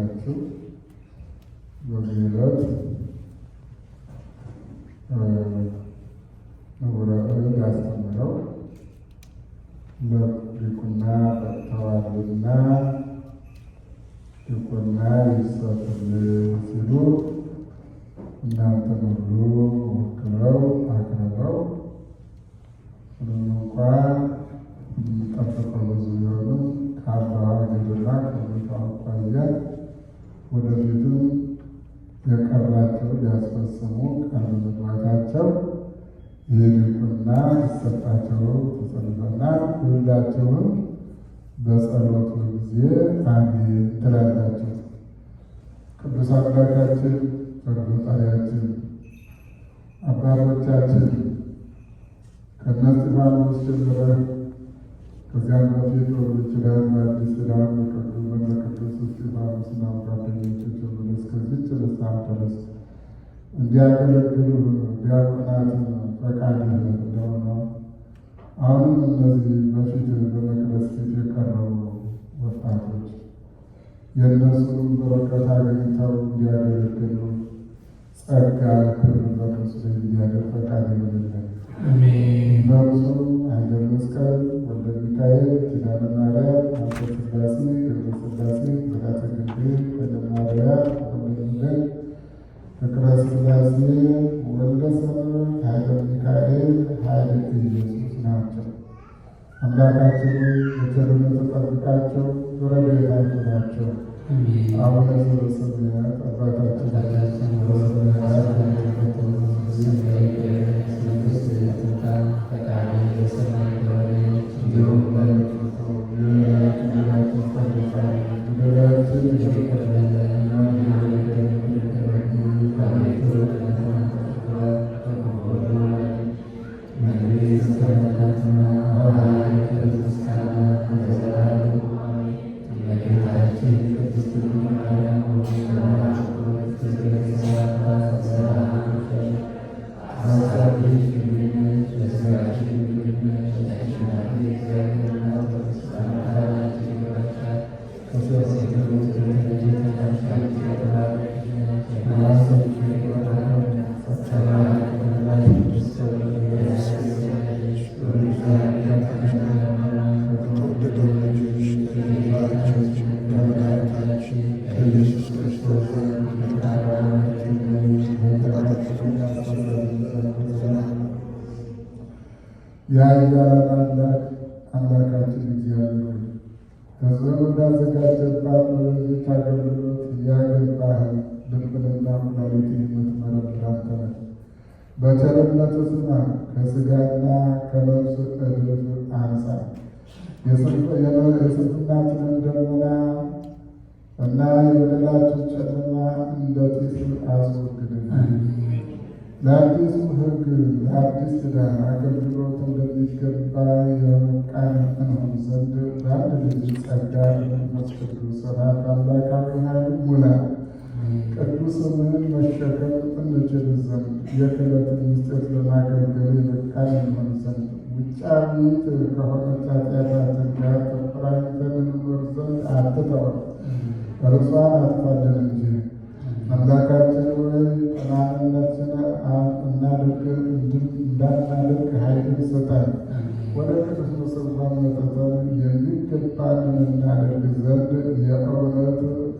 አድርጋችሁ በምህረት ምሁራን አስተምረው ለዲቁና በቅተዋልና ዲቁና ይሰጥልን ሲሉ እናንተን ሁሉ ወክለው አቅርበው ምንም እንኳን የሚጠበቀው ብዙ ቢሆንም ከአባ ጌዶና ከቦታው አኳያ ወደፊትም የቀራቸው ያስፈጸሙ ቃለ መግባታቸው የድቁና ይሰጣቸው ተጸልፈናል። ሁላቸውም በጸሎቱ ጊዜ አሜን ትላላቸው። ቅዱስ አምላካችን ፈርዶታያችን አባቶቻችን ከነ እስጢፋኖስ ጀምረ ከዚያም በፊት ወሉ ይችላል በአዲስ ዳን በቅዱ በመቅዱ ቅዱስ ዮሐንስና ጓደኞቻቸው ሰዓት ድረስ እንዲያገለግሉ ዲያቆናት ፈቃድ እንደሆነ አሁንም እነዚህ በፊት በመቅደስ ፊት የቀረቡ ወጣቶች የእነሱንም በረከት አገኝተው እንዲያገለግሉ ጸጋ ክብር በክርስቶስ እንዲያደር ፈቃድ ይሆንልን። በእርሱ ኃይለ መስቀል ወልደ ሚካኤል ኪዳነ ማርያም ሥላሴ ወልደ ሰብእ ኃይለ ሚካኤል ኃይለ ኢየሱስ ናቸው። አምላካችን በቸርነቱ ጠብቃቸው፣ ረድኤታቸው ናቸው። አቡነ ዘበሰማያት አባታችን የኃያላን አምላክ አምላካችን እግዚአብሔር ሕዝብን እንዳዘጋጀባት በዚህ አገልግሎት ያገባህን ድንግልና መሬት የምትመረብ አንተ ነህ። በቸርነት ስማ፣ ከሥጋና ከነፍስ እድፍ አንጻ የስንፍናችንን ደመና እና የበደላችን ጨለማ እንደ ጢስ አስወግድን። ለአዲሱ ሕግ ለአዲስ ኪዳን አገልግሎት እንደሚገባ የበቃን እንሆን ዘንድ በአንድ ልጅ ጸጋ በመንፈስ ቅዱስ አብ አምላክ ኃይል ሙላን ቅዱስን መሸከም እንችል ዘንድ የክለት ምስጢር ለማገልገል የበቃን እንሆን ዘንድ ውጫዊት ከሆነች ኃጢአታችን ጋር ተቆራኝተን እንኖር ዘንድ አትተወን፣ እርሷን አትፋለን እንጂ አምላካችን ሆይ ቀናንነትን እናድርግ እንዳናደርግ ኃይልን ስጠን። ወደ ቅዱሱ ስፍራ መጥተን የሚገባን እናደርግ ዘንድ የእውነት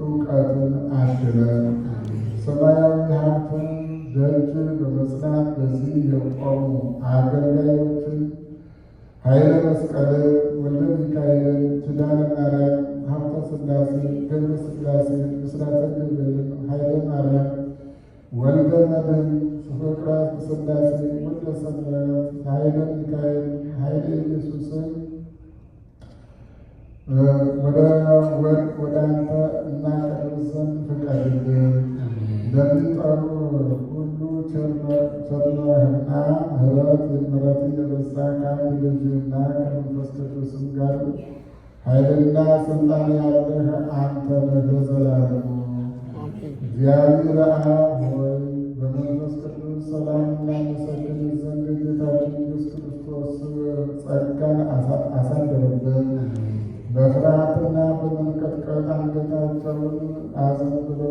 እውቀትን አድለን ሰማያዊ ሀብትን ደጅ በመጽናት በዚህ የቆሙ አገልጋዮችን ኃይለ መስቀልን ወልደ ሚካኤል ኪዳነ ማርያም ስላሴ ገብረ ስላሴ ምስራተ ግብር ኃይለ ማርያም ወልደ መድኅን ስፍቅራት ስላሴ ወልደ ሰንበት ኃይለ ሚካኤል ኃይለ ኢየሱስን ወደ ወደ አንተ እናቀርብ ዘንድ ፍቀድልን። ለሚጠሩ ሁሉ ቸርነትና ምሕረት ምሕረት የበዛ ከአንድ ልጅና ከመንፈስ ቅዱስም ጋር ኃይልና ስልጣን ያለህ አንተ ነህ ዘላለሙ። እግዚአብሔር አብ ሆይ በመንፈስ ቅዱስ ሰላም እናመሰግን ዘንድ ጌታችን ኢየሱስ ክርስቶስ ጸጋን አሳደረብን። በፍርሃትና በመንቀጥቀጥ አንገታቸውን አዘንብለው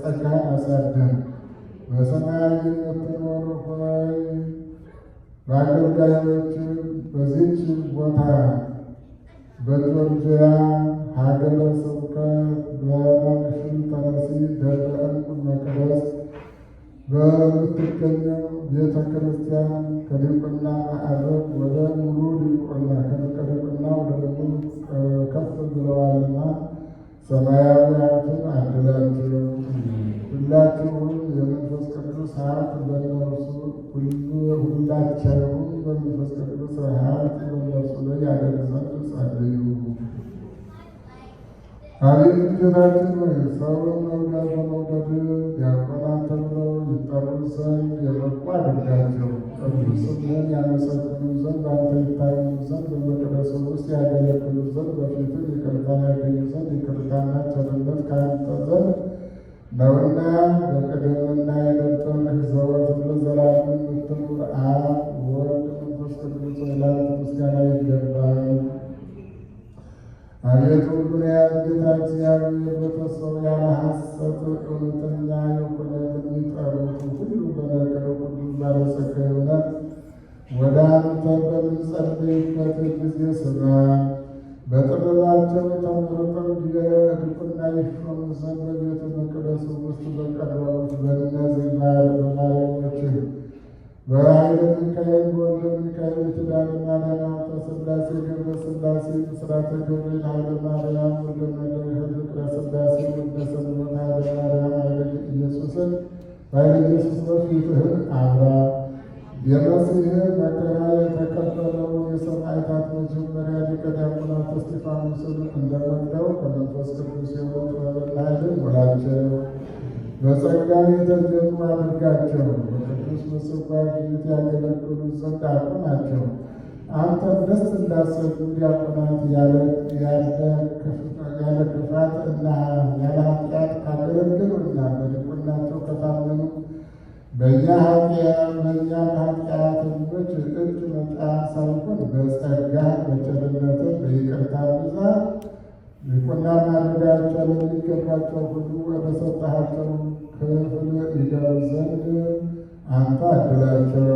ጸጋ አሳደር በሰማያዊ የምትኖር ሆይ በአገልጋዮችም በዚች ቦታ በጆርጂያ ሀገረ ስብከት በዋሽንግተን ደብረ ወርቅ መቅደስ በምትገኘው ቤተ ክርስቲያን ከድንቁና ማዕረግ ወደ ሙሉ ዲቁና ከዲቁና ወደ ከፍ ብለዋልና ሰማያዊ ሀብትን አደላችሁ። ሁላችሁም የመንፈስ ቅዱስ ሀብት በነርሱ ሁላቸውም በመንፈስ ቅዱስ ሀብት በነርሱ ላይ ያደረሰሉ ጸልዩ። አቤቱ ጌታችን ሰውን መውደድ በመውደድ ያቆና ይጠሩ ዘንድ የበቁ አድርጋቸው ቅዱስ ስምህን ያመሰግኑ ዘንድ በአንተ ይታመኑ ዘንድ በመቅደሱ ውስጥ ያገለግሉ ዘንድ በፊትህ ይቅርታን ያገኙ ዘንድ ይቅርታና ቸርነት ከአንተ ዘንድ ነውና በቅድምና የነበርህ ዘወትር ለዘላለም የምትኖር አብ ወልድ መንፈስ ቅዱስ ላንተ ምስጋና ይገባል። አቤቱ ሁሉን የያዝ ጌታ እግዚአብሔር በተሰው ያለ ሐሰት እውነተኛ የሆነ ጸሎቱ ሁሉ በነገሩ ሁሉ ባለጸጋ ይሆናል። ወደ አንተ በምንጸልይበት ጊዜ ስማን። በጥበባቸው ተመርጠው ድቁና ይሾሙ ዘንድ በቤተ መቅደስ ውስጥ በቀረቡት በእነዚህ ባሕር በማርያሞችህ በኃይለ ሚካኤል ወልደ ሚካኤል ኪዳነ ማርያም ሀብተ ሥላሴ ገብረ ሥላሴ ብስራተ ገብርኤል ኃይለ ማርያም ወልደ መድኃኒዓለም ፍቅረ ሥላሴ ወልደ ሰለሞን ኃይለ ማርያም ኃይለ ኢየሱስን በኃይለ ኢየሱስ ክርስቶስ ፊትህን አብራ። የመሲሕን መከራ የተቀበለው የሰማዕታት መጀመሪያ ሊቀ ዲያቆናት እስጢፋኖስን እንደመለው ከመንፈስ ቅዱስ የሞት ኃይልን ሙላቸው፣ በጸጋ የተደጡ አድርጋቸው፣ በቅዱስ ምጽዋ ፊት ያገለግሉ ዘንድ አቁማቸው። አንተን ደስ እንዳሰኙ ዲያቆናት ያለ ክፋት እና ያለ ኃጢአት ካገለገሉና ስለታመኑ በእኛ ኃጢአት በእኛም ኃጢአተኞች እጅ መጣር ሳይሆን በጸጋ በቸርነትህ በይቅርታ ብዛት ልቁና ማድረጋቸው የሚገባቸው ሁሉ ወደ ሰጠሃቸው ክፍል ይገቡ ዘንድ አንተ አድላቸው።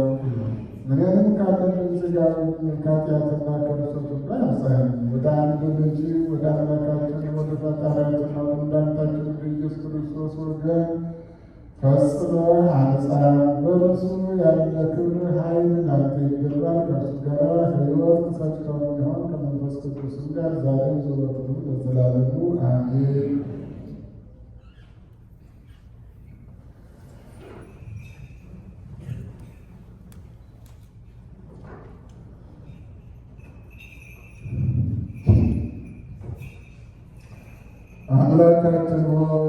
ምንም ካለን ሥጋዊ ከኃጢአትና ከብሶት ሁሉ አያንጽህም። ወደ አንዱ ልጅ ወደ አምላካችን ወደ ፈጣሪያችን አምላካችን በእርሱም ላይ ለክብር ኃይል ናት የሚገባ ከእርሱ ጋር ሕይወት ሰጭ ከሚሆን ከመንፈስ ቅዱስም ጋር ዛሬም ዘወትርም ለዘላለሙ አሜን። አምላካችን ሆይ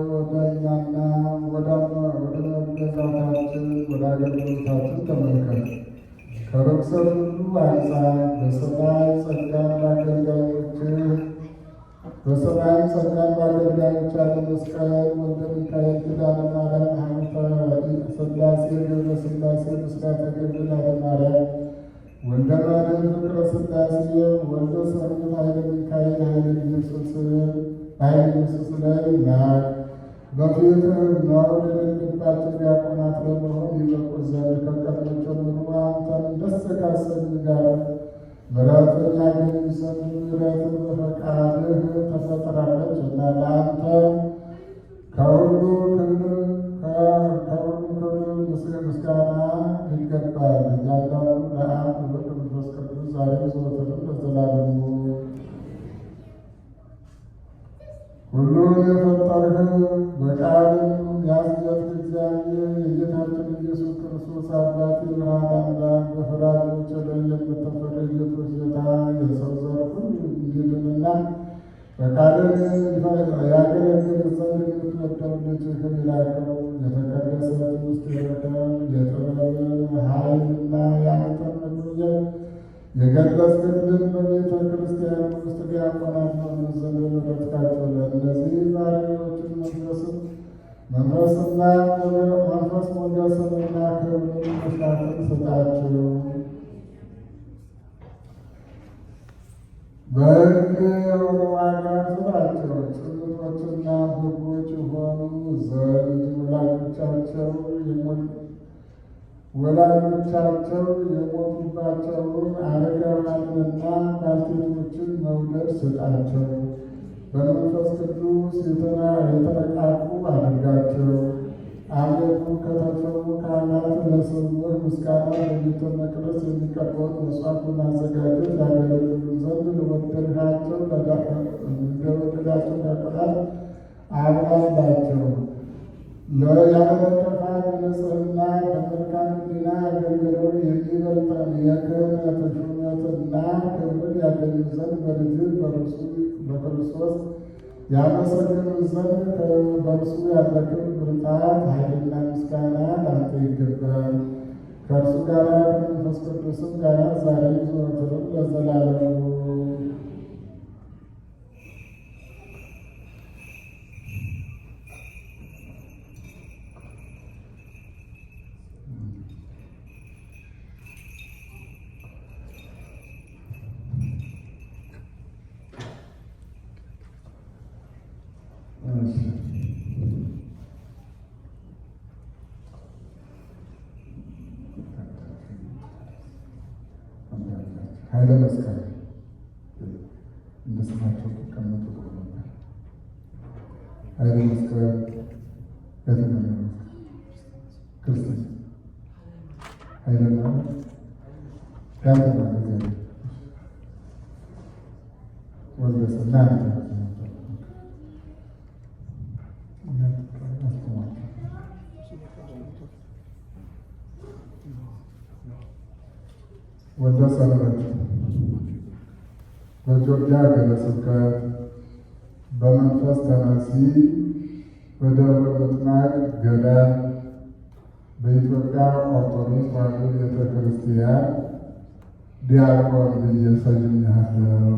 ከመስጠት ሁሉ አንጻር በሰማይ ጸጋን በአገልጋዮችህ በሰማይ ጸጋን በአገልጋዮች አለ መስቀል ወልደ ሚካኤል ኪዳነ ማርያም ሐሚታዊ ስላሴ ገብረ ስላሴ ምስራተ ገብርኤል አለ ማርያም ወልደ ማርያም ፍቅረ ስላሴ ወልደ ሰሚት ኃይለ ሚካኤል ኃይለ ኢየሱስ ኃይለ ኢየሱስ ላይ ናት በፊት መሆን የሌለባቸው ዲያቆናት ለመሆን ይበቁ ዘንድ ከቀድሞቸው ምግቡ አንተን ደስ ካሰኝ ጋር ምሕረትን ያገኙ ዘንድ ምሕረትን በፈቃድህ ተፈጥራለች እና ለአንተ ከሁሉ ክብር ከሁሉ ክብር ምስጋና ይገባል። እያንዳንዱ ለአንድ በቅዱስ ቅዱስ ዛሬ ዘወትር ለዘላለሙ ሁሉን የፈጠርህ በቃል ያስገት እግዚአብሔር የጌታችን ኢየሱስ ክርስቶስ አባት የብርሃን አምላክ በፍርሃት ጨለማ የምትፈርድ ኢየሱስ ጌታ የሰው ዘር ሁሉ እንዲድንና በቃልን ያገለግል ዘንድ የምትወደው ልጅህ ይላከው የተቀደሰ ውስጥ የወደ የጥበብ ኃይልና የአንተን ምግብ የገለጽ ክልል በቤተ ክርስቲያን ውስጥ ዲያቆናቱን ስል ረድካቸው ለእነዚህ ባሪያዎችን መንፈስም መንፈስና መንፈስ ሞገስንና ክብርን መሻትን ስጣቸው። በሕግ ዋጋ ስጣቸው። ጭምቶችና ሕጎች የሆኑ ዘንድ ወላጆቻቸው ይሞት ወላጆቻቸው የሞቱባቸውን አረጋውያንና ባልቴቶችን መውለድ ስጣቸው። በመንፈስ ቅዱስ የተነቃቁ አድርጋቸው። አቤቱ ከተሾሙ ካህናት ለሰዎች ምስጋና በቤተ መቅደስ የሚቀርበውን መስዋዕት በማዘጋጀት ያገለግሉ ዘንድ ለወደድሃቸው እንደወደዳቸው ያቆላት አብራላቸው። ለያበረከፋት ንጽሕና በመልካም ሕሊና አገልግለው የሚበልጣል የክህነት ሹመትና ክብርን ያገኙ ዘንድ በልጁ በክርስቶስ ያመሰግኑ ዘንድ በርሱ ያለክብር ብርታት፣ ኃይልና ምስጋና ላንተ ይገባል ከእርሱ ጋር ከመንፈስ ቅዱስም ጋር ዛሬ ዘወትርም ለዘላለሙ ಎಲ್ಲರಿಗೂ ನಮಸ್ಕಾರ ወደሰለች በጆርጂያ ሀገረ ስብከት በመንፈስ ተነሲ በደብረ ምጥማቅ ገዳም በኢትዮጵያ ኦርቶዶክስ ተዋሕዶ ቤተ ክርስቲያን ዲያቆን ብዬ ሰይሜሃለሁ።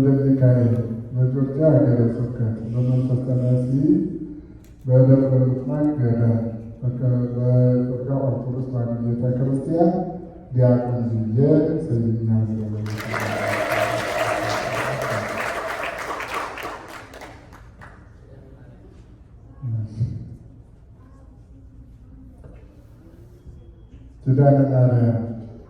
ፕሮጀክት ይካሄድ በኢትዮጵያ ሀገረ ስብከት በመንፈስ ተነሲ በደብረ ምጥማቅ ገዳም በኢትዮጵያ ኦርቶዶክስ ተዋሕዶ ቤተክርስቲያን ዲያቆን ዝዬ ስይኛ ኪዳነ ማርያም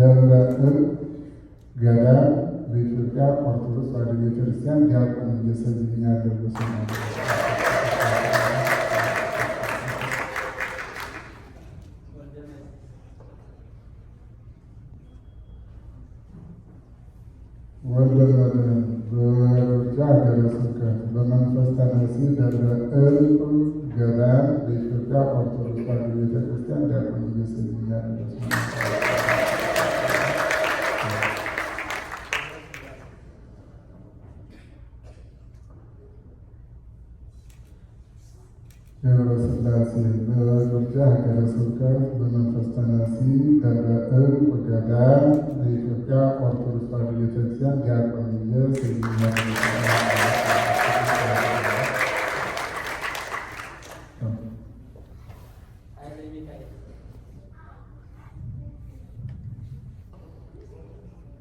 ደብረ ጥል ገዳም በኢትዮጵያ ኦርቶዶክስ ተዋሕዶ ቤተክርስቲያን ዲያቆን እየሰዝኝ ያለው ሰው ሀገረ ስብከት በመንፈስ ተነሲ ደብረ በኢትዮጵያ ኦርቶዶክስ ተዋሕዶ ቤተክርስቲያን ዲያቆን እየሰዝኝ ሰው Neurosensasi Neurosensasi Rasulkan Memanfaatkan nasi Dan berat Pegadaan Di kerja Untuk Sebagai Kecensian Dan ya, Pemilu Sehingga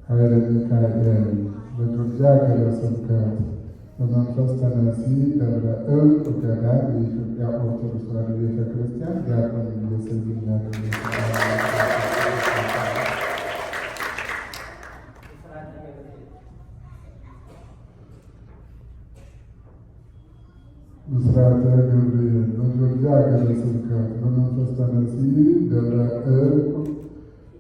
Hai Rabbi Kaidem, betul jaga Rasul በመንፈስ ተነሲ ደብረ ዕርቅ ገዳም የኢትዮጵያ ኦርቶዶክስ ተዋሕዶ ቤተ ክርስቲያን ዲያቆን እንደሰይም ምስራተ ገብርኤል መጆርጃ ሀገረ ስብከት በመንፈስ ተነሲ ደብረ ዕርቅ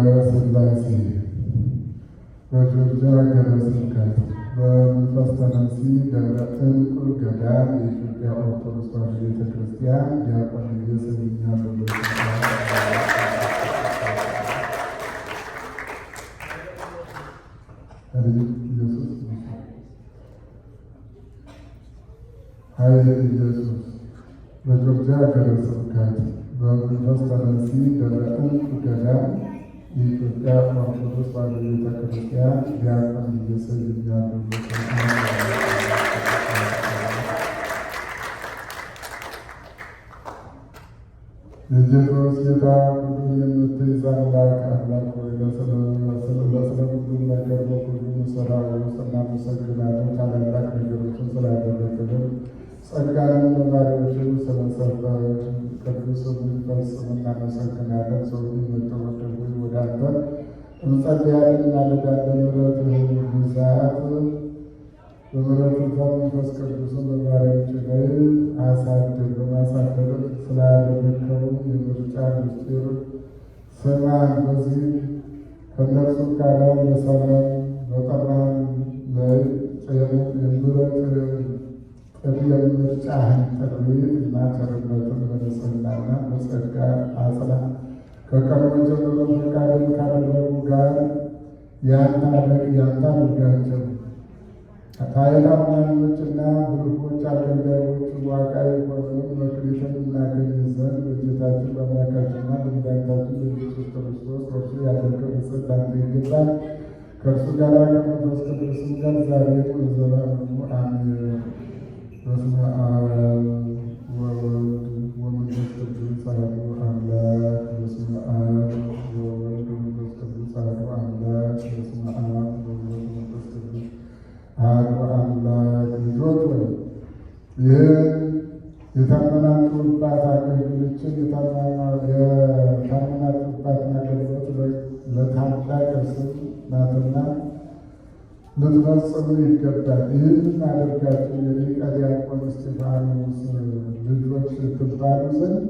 graça e da vida. Vajra jaga nasinkata. Vam vasta nasinda vratankur gadami jubya otor svajita kristiya ya panivyasa vinyana vrata. Hare Jesus. Hare Jesus. Vajra jaga nasinkata. Vam vasta nasinda vratankur gadami የኢትዮጵያ ኦርቶዶክስ ተዋሕዶ ቤተክርስቲያን ዲያቆን እየሰየሙ ያሉበት የጀቶች ጌታ ሁሉን የምትይዝ አምላክ አምላክ ወይ ለስለሁሉም ነገር በሁሉም ስራ ውስጥ እናመሰግናለን። ታላላቅ ነገሮችን ስላደረግልን ጸጋንም ለባሪያዎቹ ስለሰጠን ቅዱስን ተረዳግተን እንጸልያለን እናደርጋለን። ሆኑ ብዛት በምሕረቱ ከመንፈስ ቅዱስን በባሪያዎች ላይ አሳድር። በማሳደር ስላደረከው የምርጫ ምስጢር ስማን። በዚህ ከእነርሱ ጋር በሰላም በጠራን ላይ የምሕረት ጥሪ የምርጫህን ጥሪ እና ቸርነትን በንጽህናና በጸጋ አጽና ከቀድሞ ጀምሮ ፈቃድን ካደረጉ ጋር ያንታደግ ያንታደርጋቸው ታይታማኞችና ብልኮች አገልጋዮች ዋጋ የሆነውን መክሊትን እናገኝ ዘንድ በጌታችን በአምላካችንና በመድኃኒታችን በኢየሱስ ክርስቶስ እርሱ ያደርገ ምስል አንተ ይገባል ከእርሱ ጋር ከመንፈስ ቅዱስም ጋር ዛሬ ለዘላለሙ አሜን። በስመ አብ ወወልድ ወመንፈስ ቅዱስ የታመናችሁባት አገልግሎችን የታመናችሁባትን አገልግሎት ለታላቅ ስናትና ልትፈጽሙ ይገባል። ይህን አደርጋችሁ የሊቀ ዲያቆን እስጢፋኖስ ልጆች ትባሉ ዘንድ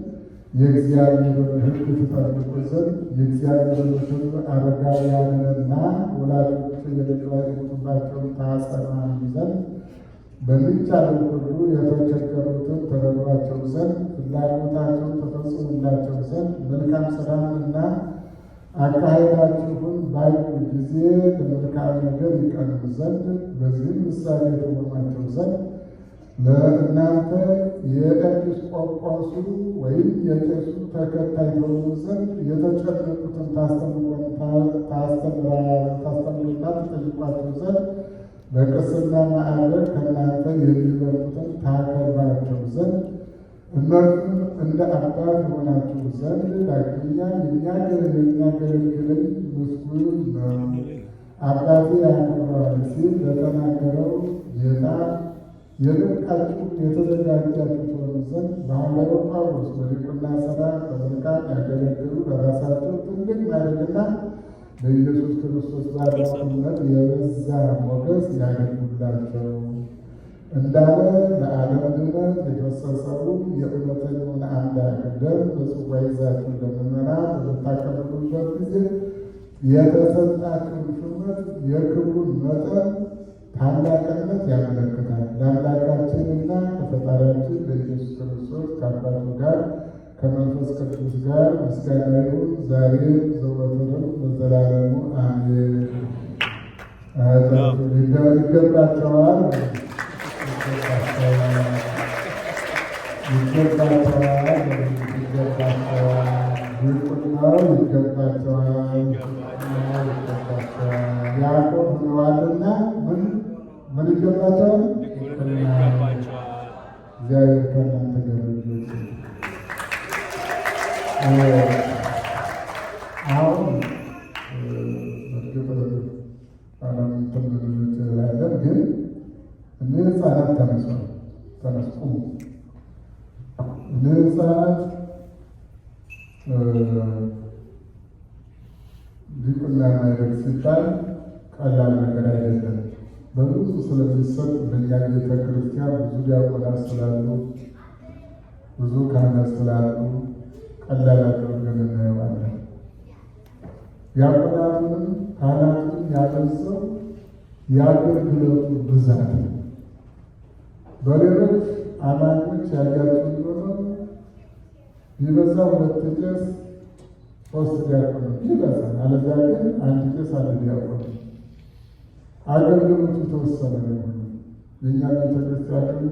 የእግዚአብሔርን ሕግ ትጠብቁ ዘንድ የእግዚአብሔርን ሕግ አረጋውያንንና ወላጆችን የደቀ ቁባቸውን ዘንድ በሚቻለው ሁሉ የተቸገሩትን ተረዷቸው ዘንድ ፍላጎታቸው ተፈጽሙላቸው ዘንድ መልካም ስራንና አካሄዳችሁን ባዩ ጊዜ በመልካም ነገር ይቀኑ ዘንድ በዚህም ምሳሌ የተሆናቸው ዘንድ ለእናንተ የኤጲስቆጶሱ ወይም የቄሱ ተከታይ የሆኑ ዘንድ የተጨነቁትን ታስተምሩና ተጠይቋቸው ዘንድ በቅስና ማዕረግ ከእናንተ የሚበልጡትን ታከብራቸው ዘንድ እነርሱም እንደ አባት የሆናችሁ ዘንድ ዳግመኛ የሚያገለግል የሚያገለግለኝ ምስጉን ነው፣ አባቴ ያከብረዋል ሲል በተናገረው ጌታ የልብቃችሁ የተዘጋጃችሁ ትሆኑ ዘንድ በሐዋርያው ጳውሎስ በዲቁና ሥራ በመልካም ያገለግሉ በራሳቸው ትልቅ ማዕረግና በኢየሱስ ክርስቶስ ባዳነት የበዛ ሞገስ ያገኙላቸው እንዳለ ለዓለም ድነት የፈሰሰውን የእውነተኛውን አምላክ ደም በጽዋ ይዛችሁ ለምዕመናን በምታቀርቡበት ጊዜ የተሰጣችሁን ሹመት የክብሩን መጠን ታላቅነት ያመለክታል። ለአምላካችንና ከፈጣሪያችን ለኢየሱስ ክርስቶስ ከአባቱ ጋር ከመንፈስ ቅዱስ ጋር ምስጋና ይሁን ዛሬ ዘወትርም በዘላለሙ አሜን። ይገባቸዋል ይገባቸዋል ሊቁና ማድረግ ሲታይ ቀላል ነገር አይደለም። በብዙ ስለሚሰጥ በእኛ ቤተ ክርስቲያን ብዙ ዲያቆናት ስላሉ፣ ብዙ ካህናት ስላሉ ቀላል አድርገን እናየዋለን። ዲያቆናቱንም ካህናቱን ያነሰው የአገልግሎቱ ብዛት በሌሎች አማኞች ያጋጭ ሆነው የበዛ ሁለት ቄስ ሶስት ዲያቆን ይበዛል። አለዚያ ግን አንድ ቄስ አንድ ዲያቆን አገልግሎቱ የተወሰነ ነው። የእኛ ቤተክርስቲያን